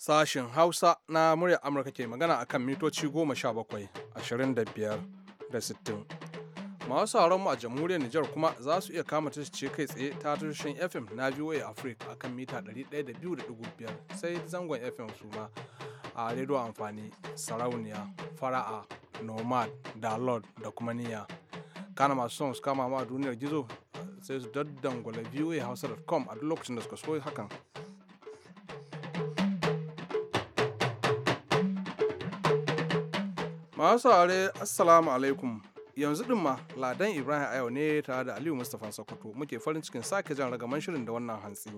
Sashen Hausa na muryar Amurka ke magana a kan mitoci 17, 25 da 60. Masu mu a jamhuriyar Nijar kuma za su iya kama ce kai tsaye ta tushen FM na VOA Africa a kan mita 102.5 sai zangon FM su ma a rediyo amfani sarauniya fara'a nomad da lord da kuma niyya kana masu son su kama ma duniyar gizo sai su daddangwala voahausa.com a duk lokacin da suka so hakan masu saurare assalamu alaikum yanzu din ma ladan ibrahim ayo ne tare da aliyu mustapha sokoto muke farin cikin sake jan ragaman shirin da wannan hantsi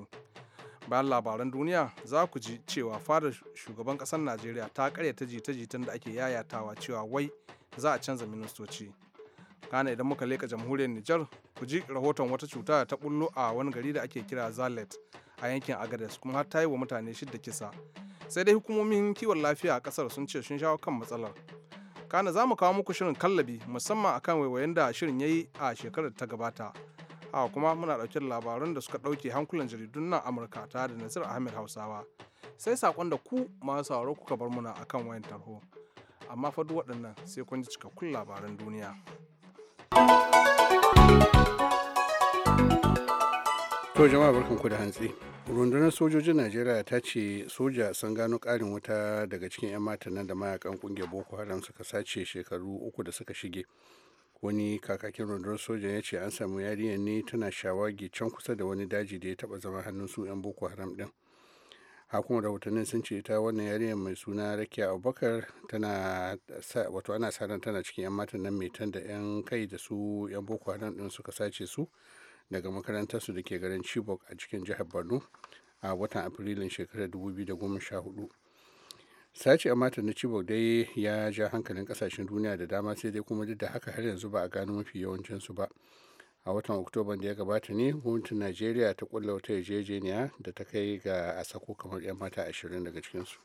bayan labaran duniya za ku ji cewa fadar shugaban kasar najeriya ta ta jita-jitan da ake yayatawa cewa wai za a canza ministoci kana idan muka leka jamhuriyar nijar ku ji rahoton wata cuta ta bullo a wani gari da ake kira zalet a yankin agades kuma har ta yi wa mutane shidda kisa sai dai hukumomin kiwon lafiya a kasar sun ce sun shawo kan matsalar kana za mu kawo muku shirin kallabi musamman akan waiwayen da shirin ya yi a shekarar ta gabata a kuma muna ɗauke da labaran da suka ɗauke hankulan jaridun nan amurka tare da nasir ahmed hausawa sai saƙon da ku masu sauraro kuka bar muna akan wayan tarho amma fa duk waɗannan sai kun ji cikakkun labaran duniya to jama'a ku da hantsi rundunar sojojin najeriya ta ce soja sun gano karin wuta daga cikin 'yan matan nan da mayakan kungiyar boko haram suka sace shekaru uku da suka shige wani kakakin rundunar soja ya ce an samu yarinyar ne tana shawagi can kusa da wani daji da ya taba zama hannun su 'yan boko haram din hakuma rahotannin sun ce ta wannan yarinyar mai suna rakiya abubakar tana wato ana sa tana cikin 'yan matan nan mai tanda 'yan kai da su 'yan boko haram din suka sace su daga makarantarsu da ke garin chibok a cikin jihar borno a watan afrilun shekarar 2014 sace a mata na chibok dai ya ja hankalin kasashen duniya da dama sai dai kuma duk da haka har yanzu ba a gano mafi yawancinsu ba a watan oktoban da ya gabata ne gwamnatin najeriya ta kulla wata yarjejeniya da ta kai ga a sako kamar 'yan mata ashirin daga cikinsu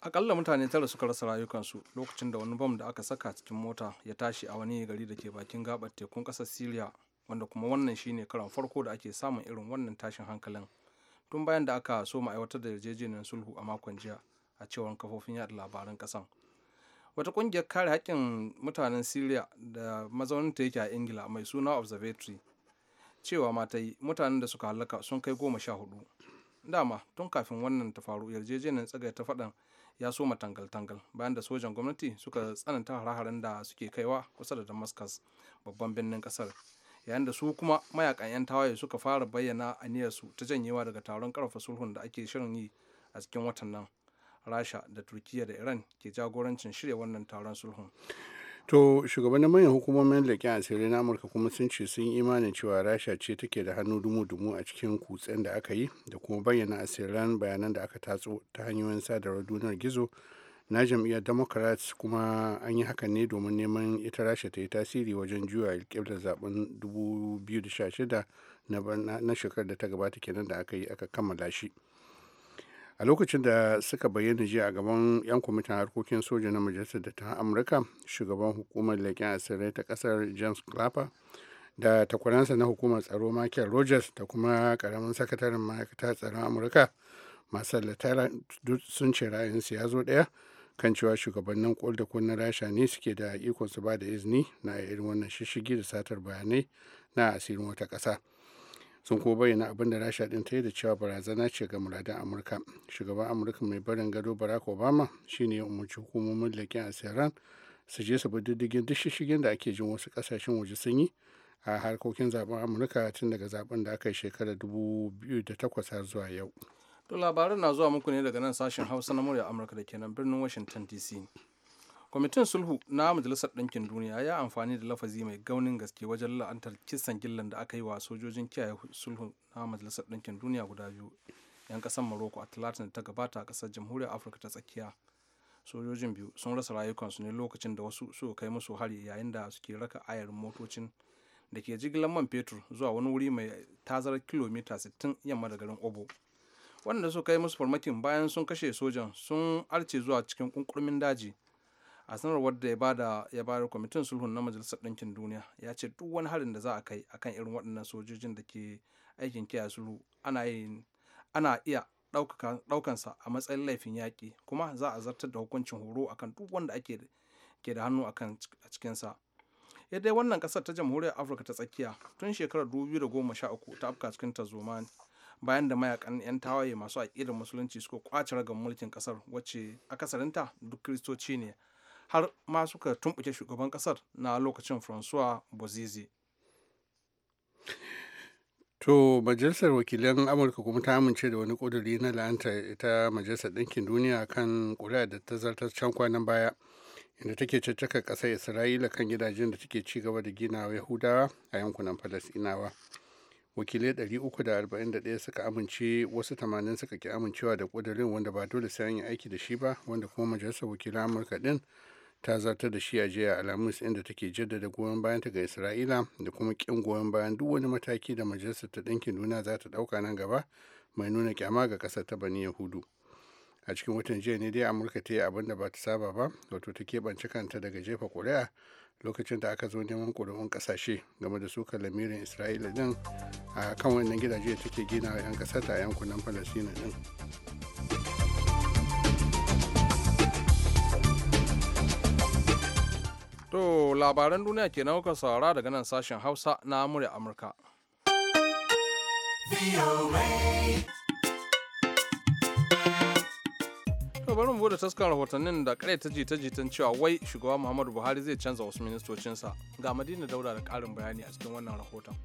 akalla mutane tara suka rasa rayukansu lokacin da wani bam da aka saka cikin mota ya tashi a wani gari da ke bakin gabar tekun kasar syria wanda kuma wannan shine karan farko da ake samun irin wannan tashin hankalin tun bayan da aka so ma aiwatar da yarjejeniyar sulhu a makon jiya a cewar kafofin yada labaran kasan wata kungiyar kare haƙƙin mutanen syria da mazauninta yake a ingila mai suna observatory cewa matai mutanen da suka halaka sun kai goma sha hudu dama tun kafin wannan ta faru yarjejeniyar tsagai ta faɗan ya soma tangal-tangal bayan da sojan gwamnati suka tsananta hare-haren da suke kaiwa kusa da damascus babban birnin ƙasar yayin da su kuma mayakan 'yan tawaye suka fara bayyana a aniyarsu ta janyewa daga taron karfa sulhun da ake shirin yi a cikin watan nan rasha da turkiya da iran ke jagorancin shirya wannan taron sulhun to shugabannin manyan hukumomin leƙen asiri na amurka kuma sun ce sun imanin cewa rasha ce take da hannu dumu-dumu a cikin kutsen da aka yi da kuma bayyana asiran bayanan da aka tatso ta hanyoyin sadarwar duniyar gizo na jam'iyyar democrats kuma an yi hakan ne domin neman ita rasha ta yi tasiri wajen juya alƙiblar zaben 2016 na shekarar da ta gabata kenan da aka yi aka kammala shi a lokacin da suka bayyana jiya a gaban 'yan kwamitin harkokin soja na majalisar da ta amurka shugaban hukumar leƙen asirai ta kasar james clapper da takwaransa na hukumar tsaro michael rogers da kuma karamin sakataren ma'aikatar tsaron amurka masu sun ce ra'ayinsu ya zo ɗaya kan cewa shugabannin kwal da kunnen rasha ne suke da ikon su ba da izini na irin wannan shishigi da satar bayanai na asirin wata ƙasa sun kuma bayyana abin da rasha din ta yi da cewa barazana ce ga muradin amurka shugaban amurka mai barin gado barack obama shine ya umarci hukumomin leƙen asiran su je su bi diddigin duk shishigin da ake jin wasu kasashen waje sun yi a harkokin zaben amurka tun daga zaben da aka yi shekarar 2008 har zuwa yau To labaran na zuwa muku ne daga nan sashen Hausa na murya Amurka da ke nan birnin Washington DC. Kwamitin sulhu na Majalisar Ɗinkin Duniya ya amfani da lafazi mai gaunin gaske wajen la'antar kisan gillan da aka yi wa sojojin kiyaye sulhu na Majalisar Ɗinkin Duniya guda biyu 'yan ƙasar Morocco a talatin da ta gabata a ƙasar Jamhuriyar Afirka ta tsakiya. Sojojin biyu sun rasa rayukansu ne lokacin da wasu su kai musu hari yayin da suke raka ayar motocin da ke jigilar man fetur zuwa wani wuri mai tazarar kilomita 60 yamma da garin Obo. waɗanda suka yi musu farmakin bayan sun kashe sojan sun arce zuwa cikin kunkurmin daji a sanarwar da ya bada ya bayar kwamitin sulhun na majalisar ɗinkin duniya ya ce duk wani harin da za a kai akan irin waɗannan sojojin da ke aikin kiyaye sulhu ana yin ana iya ɗaukansa a matsayin laifin yaƙi kuma za a zartar da hukuncin horo akan duk wanda ake ke da hannu akan a cikinsa yadda wannan ƙasar ta jamhuriyar afirka ta tsakiya tun shekarar 2013 ta afka cikin tarzoma bayan da mayakan 'yan tawaye masu aƙidar musulunci suka kwace ragar mulkin kasar wacce akasarinta duk kristoci ne har ma suka tumbuke shugaban kasar na lokacin francois bozizi. To majalisar wakilan Amurka kuma ta amince da wani ƙuduri na la'anta ita majalisar ɗinkin duniya kan ƙuri'a da ta zartar can kwanan baya inda take caccaka ƙasar Isra'ila kan gidajen da take ci gaba da ginawa Yahudawa a yankunan Falasɗinawa. wakilai 341 suka amince wasu 80 suka ki amincewa da kudirin wanda ba dole sai an yi aiki da shi ba wanda kuma majalisar wakilan amurka din ta zartar da shi a jiya alhamis inda take jaddada goyon bayan ta ga isra'ila da kuma kin goyon bayan duk wani mataki da majalisar ta ɗinkin duniya za ta ɗauka nan gaba mai nuna kyama ga ƙasar ta bani yahudu a cikin watan jiya ne dai amurka ta yi abin da ba ta saba ba wato ta keɓance kanta daga jefa ƙuri'a lokacin da aka zo neman ƙuri'un ƙasashe game da sukar lamirin isra'ila din a kan wannan gidaje da take gina a 'yan ƙasar da yankunan falasina din to labaran duniya ke kuka saurara daga nan sashen hausa na amurya amurka to bari mu bude taskar rahotannin da kare ta jita jitan cewa wai shugaba Muhammadu Buhari zai canza wasu ministocinsa. Ga Madina Dauda da karin bayani a cikin wannan rahoton.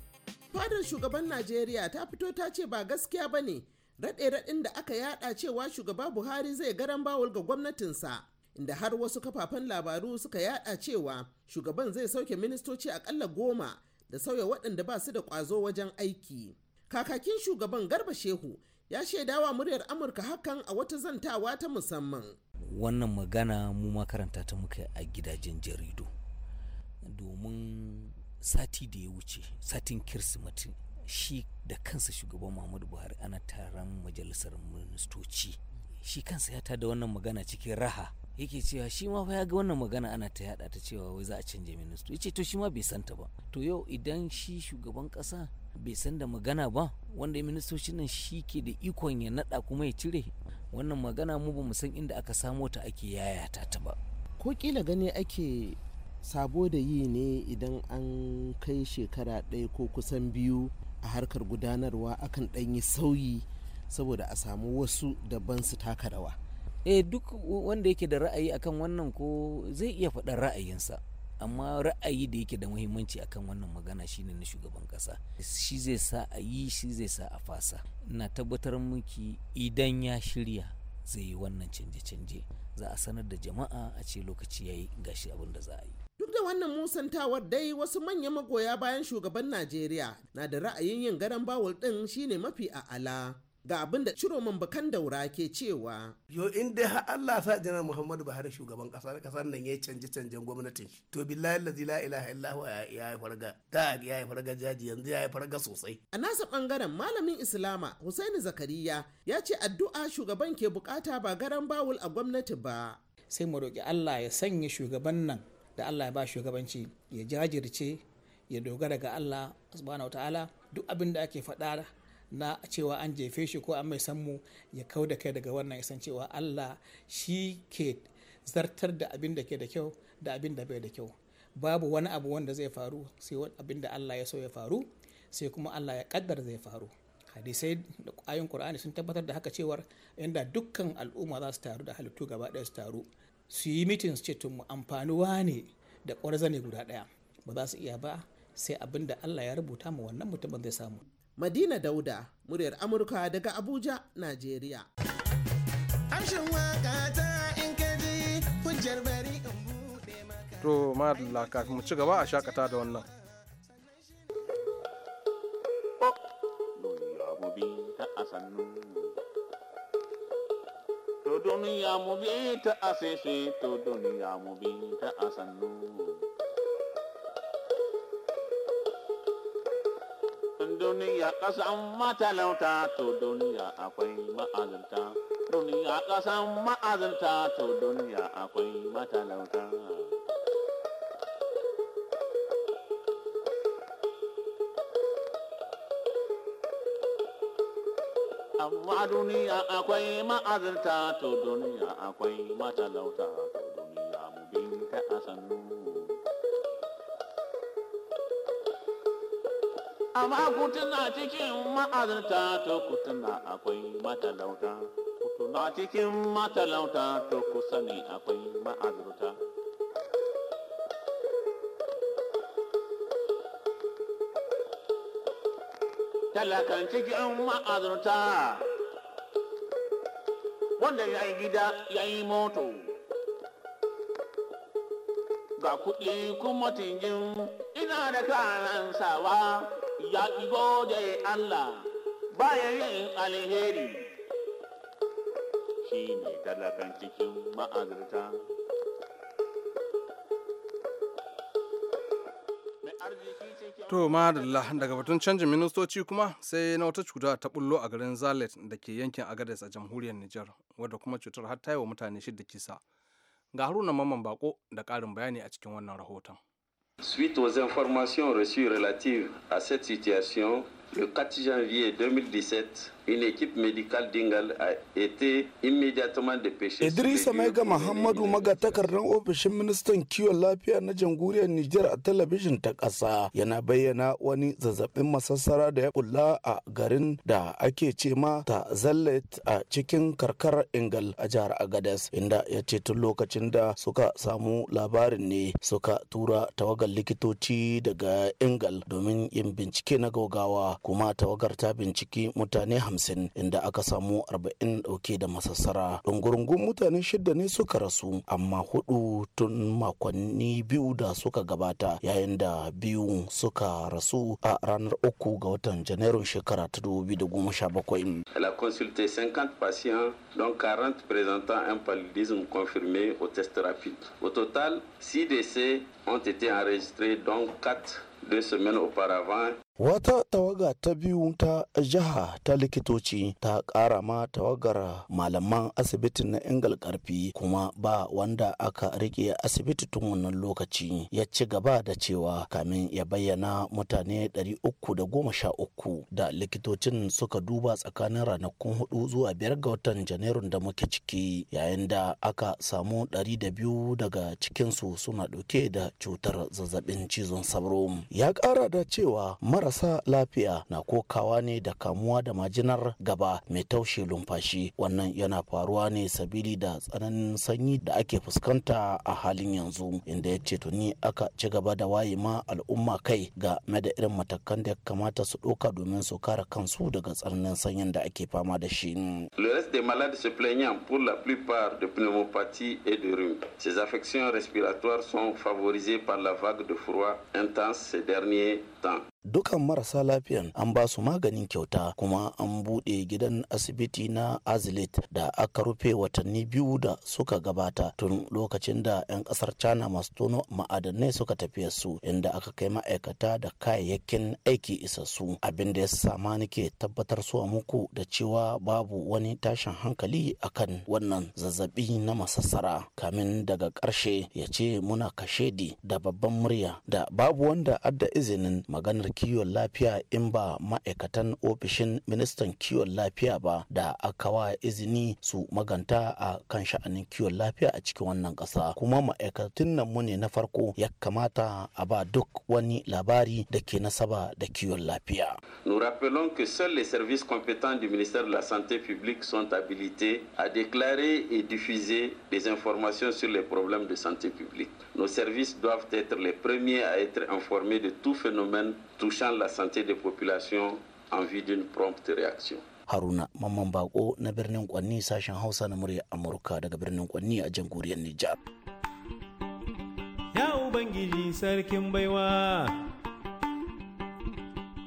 Fadar shugaban Najeriya ta fito ta ce ba gaskiya ba ne raɗe-raɗin da aka yada cewa shugaba Buhari zai garan bawul ga gwamnatinsa. Inda har wasu kafafen labaru suka yada cewa shugaban zai sauke ministoci akalla goma da sauya waɗanda ba su da kwazo wajen aiki. Kakakin shugaban Garba Shehu ya shaidawa muryar amurka hakan a wata zantawa ta musamman wannan magana mu makaranta ta muka a gidajen jaridu domin sati da ya wuce satin kirsimati shi da kansa shugaban muhammadu buhari ana taron majalisar ministoci shi kansa ya tada wannan magana cikin raha yake cewa shi ma fa ya ga wannan magana ana ta yada ta cewa wai za a canja ya yace to shi ma bai santa ba to yau idan shi shugaban kasa bai san da magana ba wanda ministocin nan shi ke da ikon ya naɗa kuma ya cire wannan magana mu ba mu san inda aka samo ta ake yayata ta ba ko kila gani ake sabo da yi ne idan an kai shekara ɗaya ko kusan biyu a harkar gudanarwa akan ɗan yi sauyi saboda a samu wasu daban su taka rawa eh duk wanda yake da ra'ayi akan wannan ko zai iya faɗar ra'ayinsa amma ra'ayi da yake da muhimmanci akan wannan magana shine na shugaban kasa shi zai sa a yi shi zai sa a fasa na tabbatar miki idan ya shirya zai yi wannan canje-canje za a sanar da jama'a a ce lokaci ya yi gashi abin da za a yi duk da wannan musantawar dai wasu manyan magoya bayan shugaban najeriya na da ra'ayin yin garan bawul din shine mafi a'ala ga abin da ciro man bakan daura ke cewa yo in dai har Allah sa janar Muhammadu Buhari shugaban kasar. kasar nan ya canje canjen gwamnatin shi to billahi allazi la ilaha illa huwa ya yi farga da ya yi farga jaji yanzu ya yi farga sosai a nasa bangaren malamin Islama Husaini Zakariya ya ce addu'a shugaban ke bukata ba garan bawul a gwamnati ba sai mu roki Allah ya sanya shugaban nan da Allah ya ba shugabanci ya jajirce ya dogara ga Allah subhanahu wataala duk abin da ake faɗa na cewa an jefe shi ko an mai mu ya kau da kai daga wannan isan cewa Allah shi ke zartar da abin da ke da kyau da abin da bai da kyau babu wani abu wanda zai faru sai abin da Allah ya so ya faru sai kuma Allah ya kaddar zai faru hadisai da ayin Qur'ani sun tabbatar da haka cewar inda dukkan al'umma za su taru da halittu gaba ɗaya su taru su yi mitin su ce tun mu amfanuwa ne da ƙwarza ne guda ɗaya ba za su iya ba sai abin da Allah ya rubuta mu wannan mutumin zai samu Madina Dauda, muryar Amurka daga Abuja, Najeriya. maka. To, ma laka mu ci gaba a shakata da wannan. To duniya mu bi ta aseshe, to duniya mu bi ta asannu. duniya ƙasan matalauta to duniya akwai ma'azinta duniya ƙasan ma'azinta to duniya akwai matalauta amma duniya akwai ma'azinta to duniya akwai matalauta to amma ku cikin ma'azinta to ku tuna akwai matalauta ku cikin matalauta to ku sani akwai ma'azinta talakan cikin ma'azinta wanda ya yi gida ya yi moto ga kuɗi kuma tingin ina da kanan sawa ya gode Allah bayan yin alheri shi ne talakan cikin ma'azirta. To madalla daga batun canjin ministoci kuma sai na wata cuta ta bullo a garin Zalet da ke yankin Agadez a jamhuriyar Nijar wadda kuma cutar har ta yi wa mutane shidda kisa. Ga haruna mamman bako da ƙarin bayani a cikin wannan rahoton. Suite aux informations reçues relatives à cette situation, le 4 janvier 2017, Idrisa Maiga Muhammadu magatakardar ofishin ministan kiwon lafiya na jamhuriyar Nijar a talabijin ta ƙasa yana bayyana wani zazzabin masassara da ya kula a garin da ake ce ma ta zallet a cikin karkarar Ingal a jihar Agadez inda ya ce tun lokacin da suka samu labarin ne suka tura tawagar likitoci daga Ingal domin yin bincike na gaugawa kuma tawagar ta binciki mutane hamsin hamsin inda aka samu arba'in dauke da masassara dungurungun mutane shida ne suka rasu amma hudu tun makonni biyu da suka gabata yayin da biyu suka rasu a ranar uku ga watan janairun shekara ta dubu da goma sha bakwai. Elle a consulté 50 patients dont 40 présentant un paludisme confirmé au test rapide. Au total, 6 décès ont été enregistrés dont 4 deux semaines auparavant Wata tawaga ta biyu ta jiha ta likitoci ta ƙara ma tawagar malaman asibitin na Ingal ƙarfi kuma ba wanda aka riƙe asibiti tun wannan lokaci ya ci gaba da cewa kamin ya bayyana mutane 313 da likitocin suka duba tsakanin ranakun huɗu zuwa biyar ga watan Janairun da muke ciki yayin da aka samu 200 daga cikinsu suna ɗauke da cutar zazzabin cizon sauro. Ya ƙara da cewa mara marasa lafiya na kokawa ne da kamuwa da majinar gaba mai taushe lumfashi wannan yana faruwa ne sabili da tsananin sanyi da ake fuskanta a halin yanzu inda ya ce ni aka ci gaba da waye ma al'umma kai ga da irin matakan da ya kamata su ɗauka domin su kare kansu daga tsananin sanyin da ake fama da shi. Le reste des malades se de et de Ces affections respiratoires sont favorisées par la vague de froid intense ces derniers temps. dukan marasa lafiyan an ba su maganin kyauta kuma an buɗe gidan asibiti na azilit da aka rufe watanni biyu da suka gabata tun lokacin da 'yan ƙasar china masu tono ma'adanai suka tafiya su inda aka kai ma'aikata da kayayyakin aiki isassu abin da ya sama nake tabbatar suwa muku da cewa babu wani tashin hankali akan wannan zazzabi na masassara kamin daga ƙarshe ya ce muna kashedi da babban murya da babu wanda adda izinin maganar kiwon lafiya in ba ma'aikatan ofishin ministan kiwon lafiya ba da aka wa izini su maganta a kan sha'anin kiwon lafiya a cikin wannan ƙasa kuma ma'aikatun nan mu ne na farko ya kamata a ba duk wani labari da ke nasaba da kiwon lafiya. Nous rappelons que seuls les services compétents du ministère de la Santé publique sont habilités à déclarer et diffuser des informations sur les problèmes de santé publique. Nos services doivent être les premiers à être informés de tout phénomène touchant la santé des populations en vue d'une prompte réaction. Haruna Mamman Bako na birnin Kwanni sashen Hausa na murya Amurka daga birnin Kwanni a jamhuriyar Nijar. Ya Ubangiji sarkin baiwa.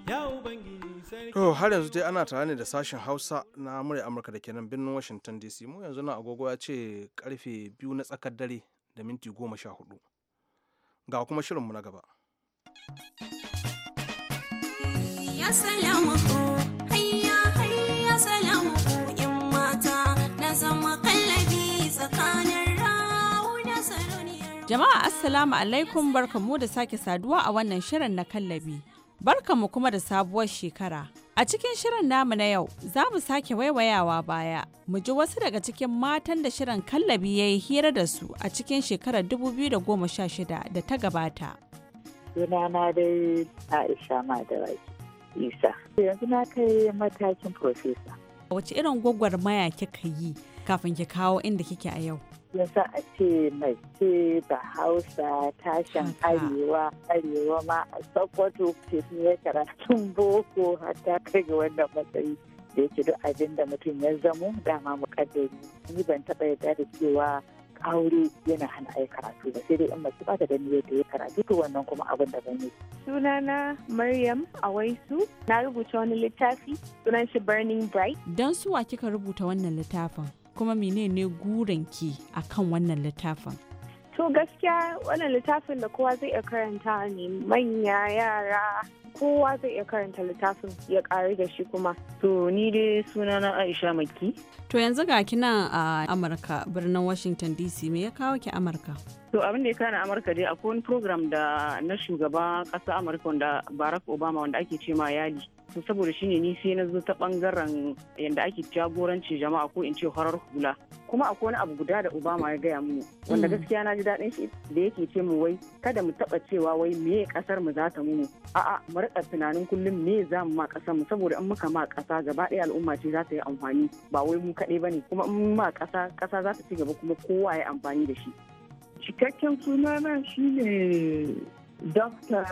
Ya Ubangiji sarkin To har yanzu dai ana tare ne da sashen Hausa na murya Amurka da kenan birnin Washington DC. Mu yanzu na agogo ya ce karfe biyu na tsakar dare da minti goma sha hudu. Ga kuma shirinmu na gaba. Jama'a Assalamu alaikum barkamu da sake saduwa a wannan shirin na kallabi. Barkamu kuma da sabuwar shekara. A cikin shirin namu na yau za mu sake waiwayawa baya, mu ji wasu daga cikin matan da shirin kallabi ya yi hira da su a cikin shekarar 2016 da ta gabata. Sunana dai Aisha Madaraki. isa yanzu na kai matakin profesa wace irin maya kika yi kafin ki kawo inda kike a yau yanzu a ce mace ba hausa tashin arewa arewa ma a sokoto ce ya karatun boko hatta kai ga wannan matsayi da yake duk abin da mutum ya zamo dama mukaddari ni ban taɓa yarda da cewa aure yana hana ai karatu ba sai dai in masu ba ta da niyyar da ya karatu to wannan kuma abin da ban yi sunana Maryam Awaisu na rubuta wani littafi sunan shi Burning Bright dan suwa kika rubuta wannan littafin kuma menene guranki akan wannan littafin to gaskiya wannan littafin da kowa zai iya karanta ne manya yara kowa zai iya karanta littafin ya ƙari da shi kuma to ni dai suna na aisha maki to yanzu ga kina a amurka birnin washington dc me ya kawo ki amurka to abin da ya kana amurka dai akwai wani program da na shugaba ƙasa amurka wanda barack obama wanda ake ce ma yadi to saboda shine ni sai na zo ta ɓangaren yadda ake jagoranci jama'a ko in ce horar hula kuma akwai wani abu guda da obama ya gaya mu wanda mm. gaskiya na ji daɗin shi da yake ce mu wai kada mu taɓa cewa wai me ƙasar mu za ta mu a'a mu riƙa tunanin kullum me za mu ma ƙasar mu saboda in muka ma ƙasa gaba ɗaya al'umma ce za ta yi amfani ba wai mu kaɗai bane kuma in ma ƙasa ƙasa za ta ci gaba kuma kowa ya amfani da shi cikakken sunana shine Dr.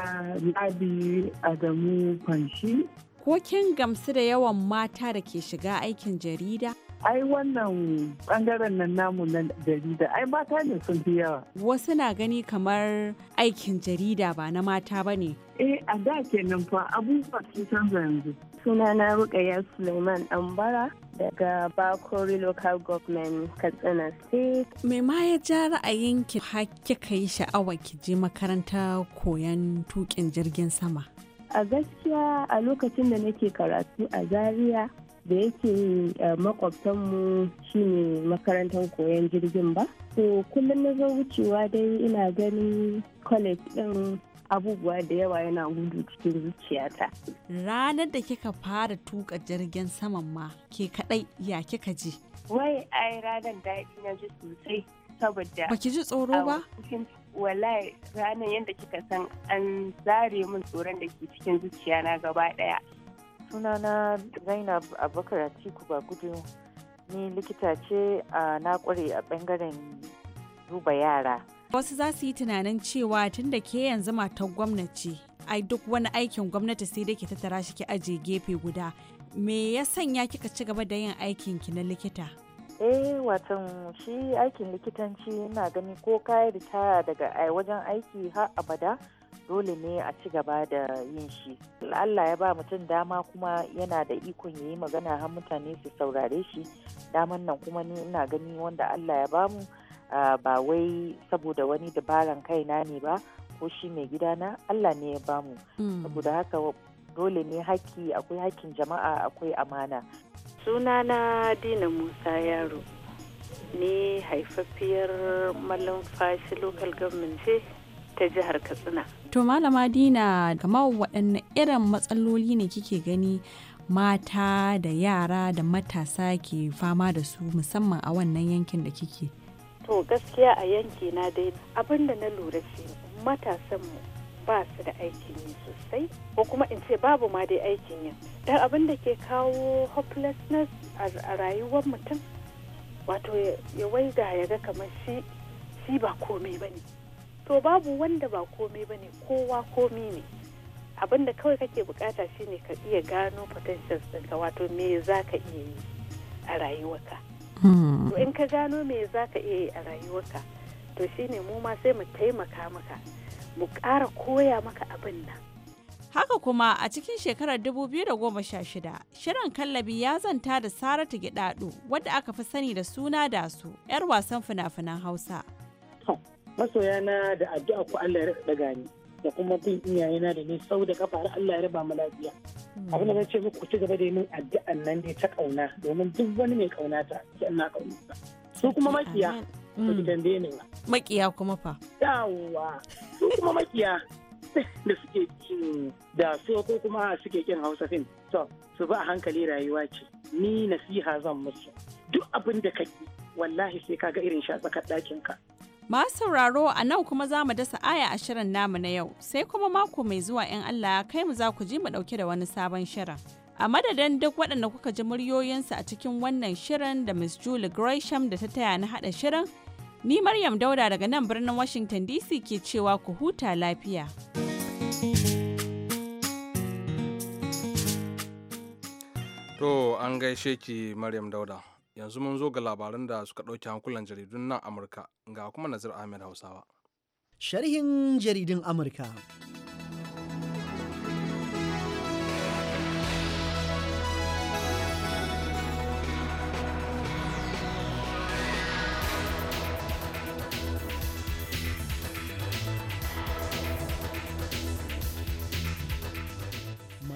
Labi Adamu Fanshi. Ko kin gamsu da yawan mata da ke shiga aikin jarida? ai wannan bangaren nan namu na jarida ai mata ne sun fi yawa wasu na gani kamar aikin jarida ba na mata ba ne eh a da kenan fa abubuwa sun canza yanzu sunana rukaya suleiman ambara daga bakori local government katsina state me ma ya ja ra'ayinki har kika yi sha'awa ki je makaranta koyan tukin jirgin sama a gaskiya a lokacin da nake karatu a zaria da yake eh, makwabtanmu shine makarantar koyon jirgin ba to kullum na zo wucewa dai ina ganin college din abubuwa da yawa yana gudu cikin zuciyata. Ranar da kika fara tuka jirgin saman ma ke kadai ya kika ji? Wai ai ranar daɗi na ji sosai saboda. Baki ji tsoro ba? Wallahi ranar yadda kika san an zare min tsoron da ke cikin zuciya na gaba ɗaya. sunana zainab abubakar atiku ba gudu ni likita ce a na a bangaren zuba yara wasu za su yi tunanin cewa tun da ke yanzu matan gwamnati ai duk wani aikin gwamnati sai da ke tattara shi ki ajiye gefe guda me ya sanya kika ci gaba da yin aikin ki na likita eh watan shi aikin likitanci ina gani ko kayi ritaya daga wajen aiki har abada dole ne a ci gaba da yin shi Allah ya ba mutum dama kuma yana da ikon ya yi magana har mutane su saurare shi daman nan kuma ni ina gani wanda Allah ya bamu ba wai saboda wani dabaran kaina ne ba ko shi mai gidana Allah ne ya bamu hmm. saboda haka dole ne haƙƙi akwai haƙƙin jama'a akwai amana sunana dina musa yaro ne haifaffiyar fashi local government ce ta jihar katsina to malama dina kamar waɗanne irin matsaloli ne kike gani mata da yara da matasa ke fama da su musamman a wannan yankin da kike to gaskiya a yanki na dai abin da na lura shi matasanmu ba su da aikin yi sosai ko kuma in ce babu ma dai aikin yi dan abin da ke kawo hopelessness a rayuwar mutum wato ya waiga ya ga kamar shi ba komai ba ne to babu wanda ba komai ba ne kowa komi ne abin da kawai kake bukata shine ka iya gano potentials ɗinka wato me za ka iya yi a rayuwarka hmm. to in ka gano me za ka iya yi a rayuwarka to shine mu ma sai mu taimaka maka mu ƙara koya maka abin nan Haka kuma a cikin shekarar 2016, shirin kallabi ya zanta da Saratu Gidadu wadda aka fi sani da suna da su 'yar wasan fina-finan Hausa. masoya na da addu'a ku Allah ya daga ni da kuma bin iyayena da ni sau da kafa har Allah ya raba mu lafiya hmm. abin da zan ce muku ci gaba da yin addu'an nan dai ta kauna domin duk wani mai kauna ta ki Allah kauna su kuma makiya ba ki hmm. dande ne ba makiya kuma fa yawa su kuma makiya da suke kin da su ko kuma suke kin Hausa fim to su ba hankali rayuwa ce ni nasiha zan musu duk abin da kake wallahi sai kaga irin sha tsakar ɗakin ka masauraro sauraro a nan kuma za mu dasa aya a shirin namu na yau sai kuma mako mai zuwa 'yan Allah kai mu za ku ji mu ɗauke da wani sabon shirin. A madadin duk waɗanda kuka ji muryoyinsu a cikin wannan shirin da Miss Julie Gresham da ta taya na haɗa shirin, ni Maryam Dauda daga nan birnin Washington DC ke cewa ku huta lafiya. To an gaishe ki Maryam Dauda. yanzu mun zo ga labaran da suka ɗauki hankulan jaridun nan amurka ga kuma nazir ahmed hausawa sharhin jaridun amurka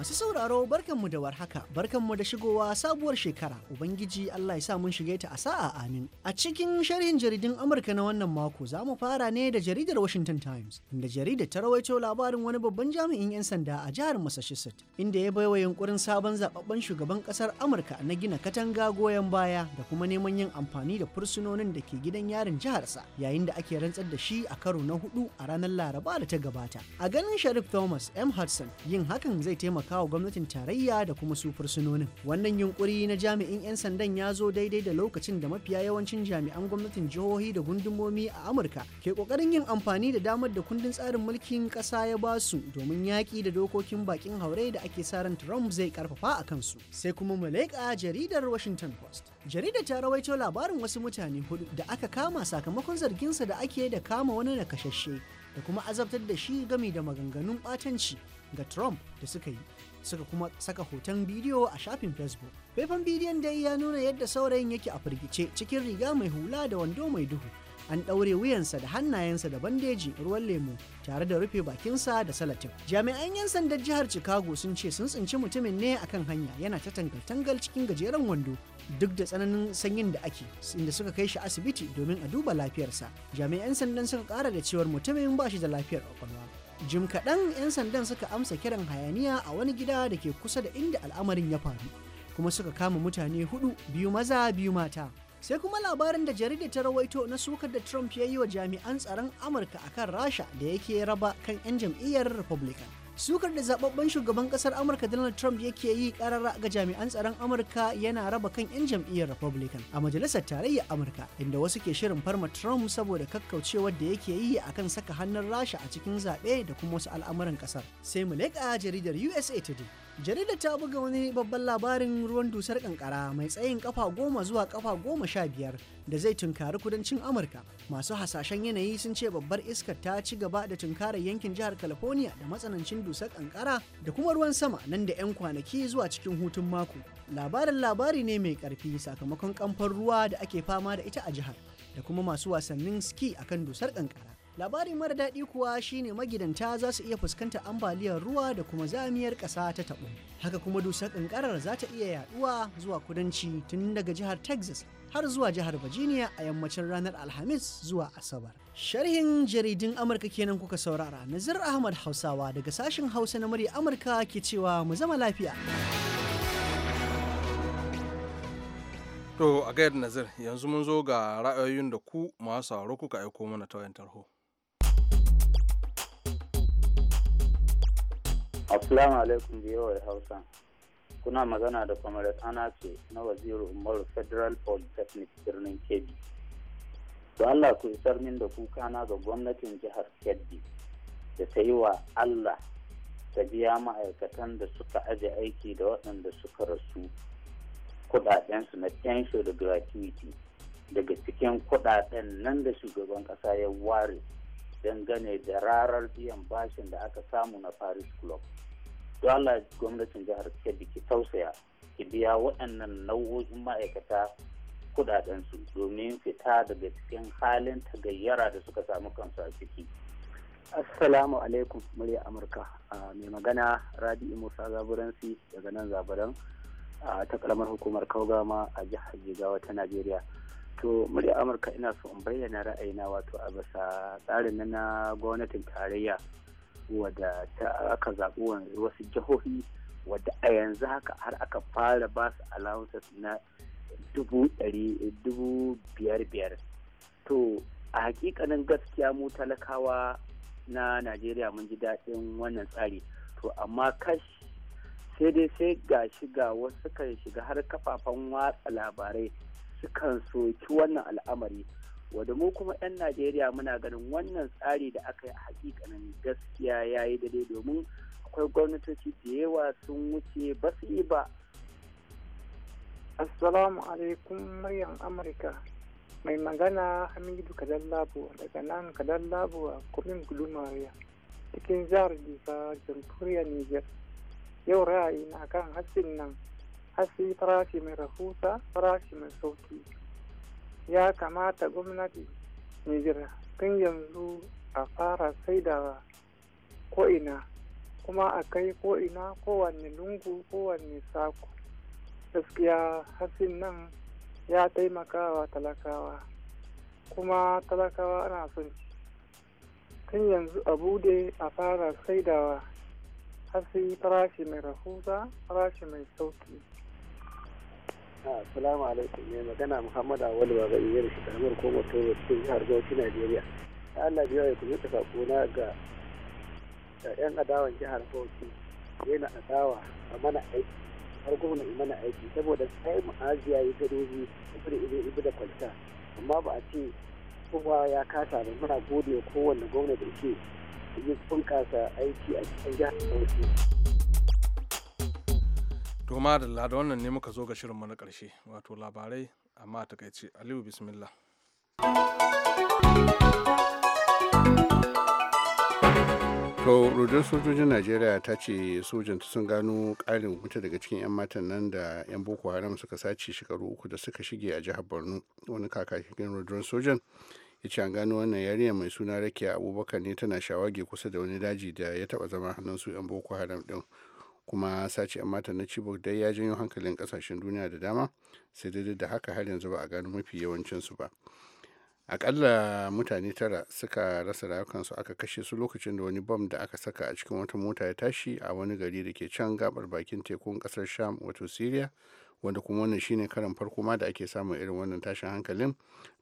Masu sauraro barkanmu da warhaka, barkanmu da shigowa sabuwar shekara, Ubangiji Allah ya sa mun shige ta a sa'a amin. A cikin sharhin jaridun Amurka na wannan mako za mu fara ne da jaridar Washington Times, inda jaridar ta rawaito labarin wani babban jami'in 'yan sanda a jihar Massachusetts, inda ya baiwa yunkurin sabon zababben shugaban kasar Amurka na gina katanga goyon baya da kuma neman yin amfani da fursunonin da ke gidan yarin jiharsa, yayin da ake rantsar da shi a karo na hudu a ranar Laraba da ta gabata. A ganin Sharif Thomas M. Hudson, yin hakan zai taimaka kawo gwamnatin tarayya da kuma su fursunonin wannan yunkuri na jami'in 'yan sandan ya zo daidai da lokacin da mafiya yawancin jami'an gwamnatin jihohi da gundumomi a amurka ke kokarin yin amfani da damar da kundin tsarin mulkin kasa ya ba su domin yaƙi da dokokin bakin haure da ake sa ran trump zai karfafa a kansu sai kuma mu leƙa jaridar washington post jaridar ta rawaito labarin wasu mutane hudu da aka kama sakamakon zarginsa da ake da kama wani kashashe da kuma azabtar da shi gami da maganganun ɓatanci ga Trump da suka yi. suka kuma saka hoton bidiyo a shafin facebook faifan bidiyon dai ya nuna yadda saurayin yake a firgice cikin riga mai hula da wando mai duhu an ɗaure wuyansa da hannayensa da bandeji ruwan lemu tare da rufe bakinsa da salatin jami'an 'yan sandan jihar chicago sun ce sun tsinci mutumin ne akan hanya yana ta tangal-tangal cikin gajeren wando duk da tsananin sanyin da ake inda suka kai shi asibiti domin a duba lafiyarsa jami'an sandan suka kara da cewar mutumin ba shi da lafiyar kwakwalwa jim kaɗan 'yan sandan suka amsa kiran hayaniya a wani gida da ke kusa da inda al'amarin ya faru kuma suka kama mutane hudu biyu maza biyu mata sai kuma labarin da jaridar ta rawaito na sukar da trump ya yi wa jami'an tsaron amurka akan rasha da yake raba kan 'yan jam'iyyar republican sukar da zababben shugaban kasar amurka donald trump yake yi karara ga jami'an tsaron amurka yana raba kan 'yan jam'iyyar republican a majalisar tarayyar amurka inda wasu ke shirin farma trump saboda kakkaucewar da yake yi akan saka hannun rasha a cikin zaɓe da kuma wasu al'amuran kasar sai mu leƙa jaridar usa today Jarida ta buga wani babban labarin ruwan dusar kankara mai tsayin kafa goma zuwa kafa goma sha biyar da zai tunkari kudancin amurka masu hasashen yanayi sun ce babbar iskar ta ci gaba da tunkarar yankin jihar california da matsanancin dusar kankara da kuma ruwan sama nan da 'yan kwanaki zuwa cikin hutun mako labarin labari ne mai karfi sakamakon kamfan ruwa da ake fama da ita a jihar da kuma masu wasannin ski akan dusar kankara labari mara daɗi kuwa shine magidanta za su iya fuskantar ambaliyar ruwa da kuma zamiyar ƙasa ta taɓo haka kuma dusar ƙanƙarar za ta iya yaɗuwa zuwa kudanci tun daga jihar texas har zuwa jihar virginia a yammacin ranar alhamis zuwa asabar sharhin jaridun amurka kenan kuka saurara nazir ahmad hausawa daga sashen hausa na murya amurka ke cewa mu zama lafiya to a gayar nazir yanzu mun zo ga ra'ayoyin da ku masu sauraro kuka aiko mana ta wayan tarho Assalamu alaikum biyawar Hausa. Kuna magana da Comrade Ana ce na waziri umar Federal Polytechnic birnin Kebbi. To Allah ku isar min da kuka na ga gwamnatin jihar Kebbi da ta yi wa Allah ta biya ma'aikatan da suka aje aiki da waɗanda suka rasu kuɗaɗensu na pension da gratuity daga cikin kuɗaɗen nan da shugaban ƙasa ya ware dangane da rarar biyan bashin da aka samu na Paris Club. Allah gwamnatin jihar Kebbi ki tausaya ki biya waɗannan nau'o'in ma'aikata kudadensu domin fita daga cikin halin ta gayyara da suka samu kansu a ciki. Assalamu alaikum murya Amurka mai magana Rabi'u Musa Zaburansi daga nan Zaburan ta kalamar hukumar Kaugama a jihar Jigawa ta Najeriya. To murya Amurka ina so in bayyana ra'ayina wato a bisa tsarin na gwamnatin tarayya wadda ta aka zaɓi wasu jihohi wadda a yanzu haka har aka fara ba su allowances na dubu biyar biyar to a hakikanin gaskiya mu talakawa na najeriya mun ji daɗin wannan tsari to amma kash sai dai sai ga shiga wasu kan shiga har kafafen watsa labarai sukan soki wannan al'amari wadda mu kuma 'yan najeriya muna ganin wannan tsari da aka yi a hakikanin gaskiya ya yi daidai domin akwai gwamnatoci da yawa sun wuce ba su yi ba assalamu alaikum maryam amurka mai magana hamidu kadallabo daga nan kadallabo a kurin gudumariya cikin jihar jifa jamhuriyar niger yau ra'ayi na kan hasin nan hasi farashi mai rahusa farashi mai sauki ya kamata gwamnati nijar jira tun yanzu a fara saidawa ko'ina kuma a kai ko'ina kowanne lungu kowanne sako gaskiya hasin nan ya taimakawa talakawa kuma talakawa ana son tun yanzu a bude a fara saidawa hasi farashi mai rahusa farashi mai sauki Assalamu alaikum mai magana Muhammad Awal Baba Iyar shi karamar koma Togo cikin jihar Bauchi Najeriya. Allah biya ya kuma tafa kona ga ƴan adawan jihar Bauchi yana adawa a mana aiki har gwamna mana aiki saboda sai ma'aziya ya gadoji ibada ido da kwalta amma ba a ce kowa ya kasa ba muna gode kowanne gwamna da ke yi kasa aiki a cikin jihar Bauchi. to ma da wannan ne muka zo ga shirinmu na karshe wato labarai amma a takaice aliyu bismillah to sojojin najeriya ta ce sojanta sun gano ƙarin wuta daga cikin 'yan matan nan da 'yan boko haram suka sace shekaru uku da suka shige a jihar borno wani kakakin rudar sojan ya ce an gano wannan yarinya mai suna rakiya abubakar ne tana shawage kusa da wani daji da ya taba zama hannun su 'yan boko haram din kuma sace yan mata na chibok dai ya janyo hankalin kasashen duniya da dama sai dai da haka har yanzu ba a gano mafi yawancin su ba akalla mutane tara suka rasa rayukansu aka kashe su lokacin da wani bam da aka saka a cikin wata mota ya tashi a wani gari da ke can gabar bakin tekun kasar sham wato syria wanda kuma wannan shine karan farko ma da ake samun irin wannan tashin hankalin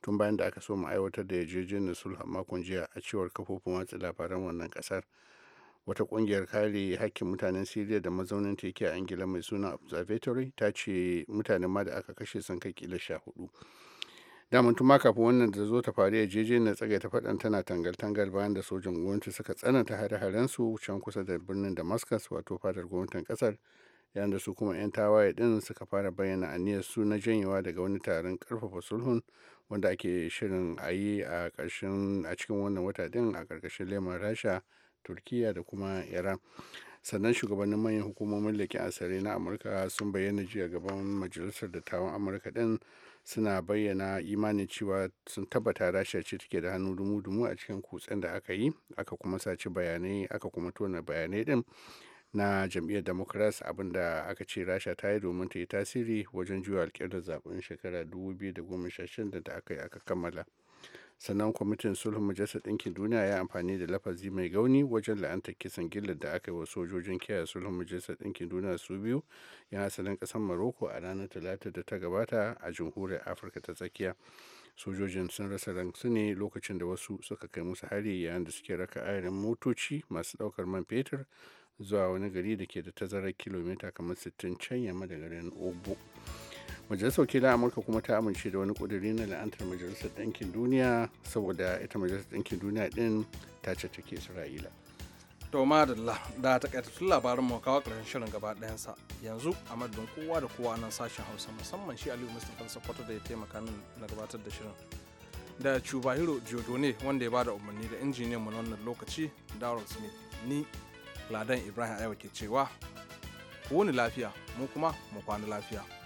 tun bayan da aka so mu aiwatar da yarjejeniyar sulhu makon jiya a cewar kafofin watsa labaran wannan kasar wata kungiyar kare hakkin mutanen siriya da mazaunin teke a ingila mai suna observatory ta ce mutane ma da aka kashe sun kai kila sha hudu daman tuma kafin wannan da zo ta faru a jeje na tsagai ta faɗan tana tangal-tangal bayan da sojan gwamnati suka tsananta hare-haren su can kusa da birnin damascus wato fadar gwamnatin kasar yayin da su kuma 'yan tawaye din suka fara bayyana aniyar su na janyewa daga wani taron karfafa sulhun wanda ake shirin a yi a cikin wannan wata din a karkashin lemon rasha turkiya da kuma iran sannan shugabannin manyan hukumomin leƙen asare na amurka sun bayyana jiya gaban majalisar dattawan amurka din suna bayyana imanin cewa sun tabbata rasha ce take da hannu dumu-dumu a cikin kutsen da aka yi aka kuma saci bayanai aka kuma tona bayanai din na jam'iyyar democrats abinda aka ce rasha ta yi domin ta yi tasiri wajen juya alƙirar zaben shekara 2016 da aka yi aka kammala. sannan kwamitin sulhun majalisar ɗinkin duniya ya amfani da lafazi mai gauni wajen la'antar kisan gillar da aka yi wa sojojin kiyaye sulhun majalisar ɗinkin duniya su biyu yan asalin ƙasar maroko a ranar talata da ta gabata a jamhuriyar afirka ta tsakiya sojojin sun rasa ransu ne lokacin da wasu suka kai musu hari yayin da suke raka ayarin motoci masu ɗaukar man fetur zuwa wani gari da ke da tazarar kilomita kamar 60 can yamma da garin obo majalisar wakilan amurka kuma ta amince da wani kudiri na la'antar majalisar ɗinkin duniya saboda ita majalisar ɗinkin duniya ɗin ta ke isra'ila to madalla da takaitattun labarin mu kawo ƙarshen shirin gaba sa yanzu a madadin kowa da kowa nan sashen hausa musamman shi aliyu mustapha sakwato da ya taimaka min na gabatar da shirin da Chubahiro Jodone wanda ya bada umarni da injiniyan mu wannan lokaci Darrell Smith ni Ladan Ibrahim Aiwa ke cewa ku wuni lafiya mu kuma mu kwana lafiya.